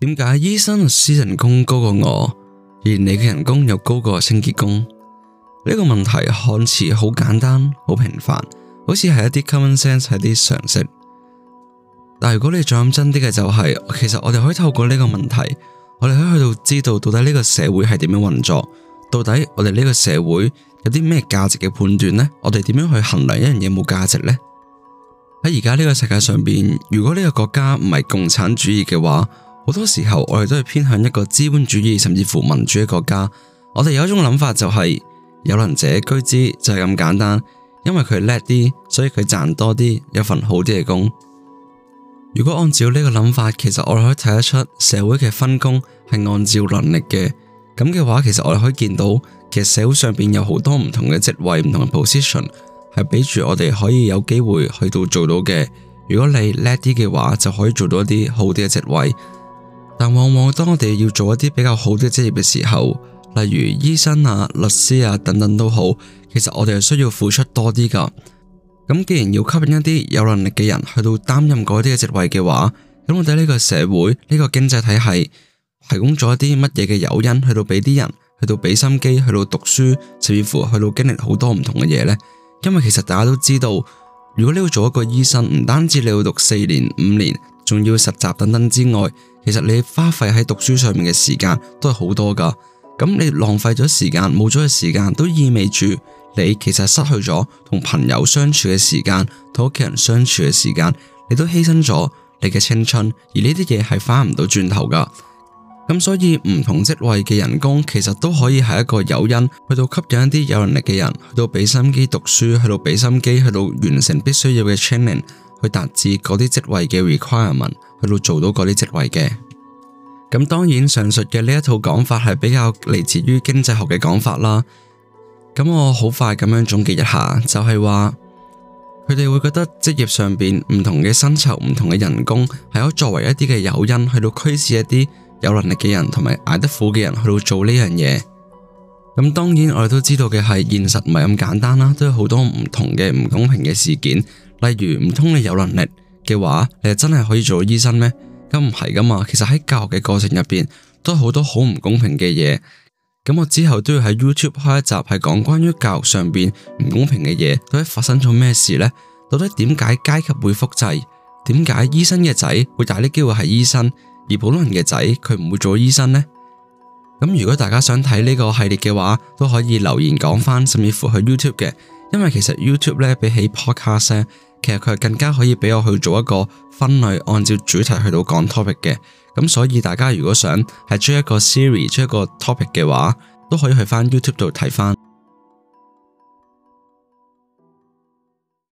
點解醫生律師人工高過我，而你嘅人工又高過清潔工？呢、呢個問題看似好簡單、好平凡，好似係一啲 common sense，係啲常識。但係如果你再諗真啲嘅、就係，就係其實我哋可以透過呢個問題，我哋可以去到知道到底呢個社會係點樣運作，到底我哋呢個社會有啲咩價值嘅判斷呢？我哋點樣去衡量一樣嘢有冇價值呢？喺而家呢個世界上邊，如果呢個國家唔係共產主義嘅話，好多時候我哋都係偏向一個資本主義甚至乎民主嘅國家，我哋有一種諗法就係有能者居之，就係咁簡單，因為佢叻啲，所以佢賺多啲，有份好啲嘅工。如果按照呢個諗法，其實我哋可以睇得出社會嘅分工係按照能力嘅。咁嘅話，其實我哋可以見到，其實社會上邊有好多唔同嘅職位、唔同嘅 position 係俾住我哋可以有機會去到做到嘅。如果你叻啲嘅話，就可以做到一啲好啲嘅職位。但往往當我哋要做一啲比較好啲嘅職業嘅時候，例如醫生啊、律師啊等等都好，其實我哋係需要付出多啲噶咁既然要吸引一啲有能力嘅人去到擔任嗰啲嘅職位嘅話，咁我哋呢個社會呢個經濟體系提供咗一啲乜嘢嘅誘因去到俾啲人去到俾心機去到讀書，甚至乎去到經歷好多唔同嘅嘢呢？因為其實大家都知道，如果你要做一個醫生，唔單止你要讀四年五年。仲要實習等等之外，其實你花費喺讀書上面嘅時間都係好多噶。咁你浪費咗時間，冇咗嘅時間，都意味住你其實失去咗同朋友相處嘅時間，同屋企人相處嘅時間，你都犧牲咗你嘅青春。而呢啲嘢係翻唔到轉頭噶。咁所以唔同職位嘅人工，其實都可以係一個誘因，去到吸引一啲有能力嘅人去到俾心機讀書，去到俾心機去到完成必須要嘅 training。去達至嗰啲職位嘅 requirement，去到做到嗰啲職位嘅。咁當然，上述嘅呢一套講法係比較嚟自於經濟學嘅講法啦。咁我好快咁樣總結一下，就係話，佢哋會覺得職業上邊唔同嘅薪酬、唔同嘅人工係可以作為一啲嘅誘因，去到驅使一啲有能力嘅人同埋捱得苦嘅人去到做呢樣嘢。咁當然我哋都知道嘅，係現實唔係咁簡單啦，都有好多唔同嘅唔公平嘅事件。例如唔通你有能力嘅話，你真係可以做醫生咩？咁唔係噶嘛。其實喺教育嘅過程入邊，都有好多好唔公平嘅嘢。咁我之後都要喺 YouTube 開一集係講關於教育上邊唔公平嘅嘢，到底發生咗咩事呢？到底點解階級會複製？點解醫生嘅仔會大啲機會係醫生，而普通人嘅仔佢唔會做醫生呢？咁如果大家想睇呢個系列嘅話，都可以留言講翻，甚至乎去 YouTube 嘅，因為其實 YouTube 呢比起 Podcast 呢，其實佢係更加可以俾我去做一個分類，按照主題去到講 topic 嘅。咁所以大家如果想係追一個 series，追一個 topic 嘅話，都可以去翻 YouTube 度睇翻。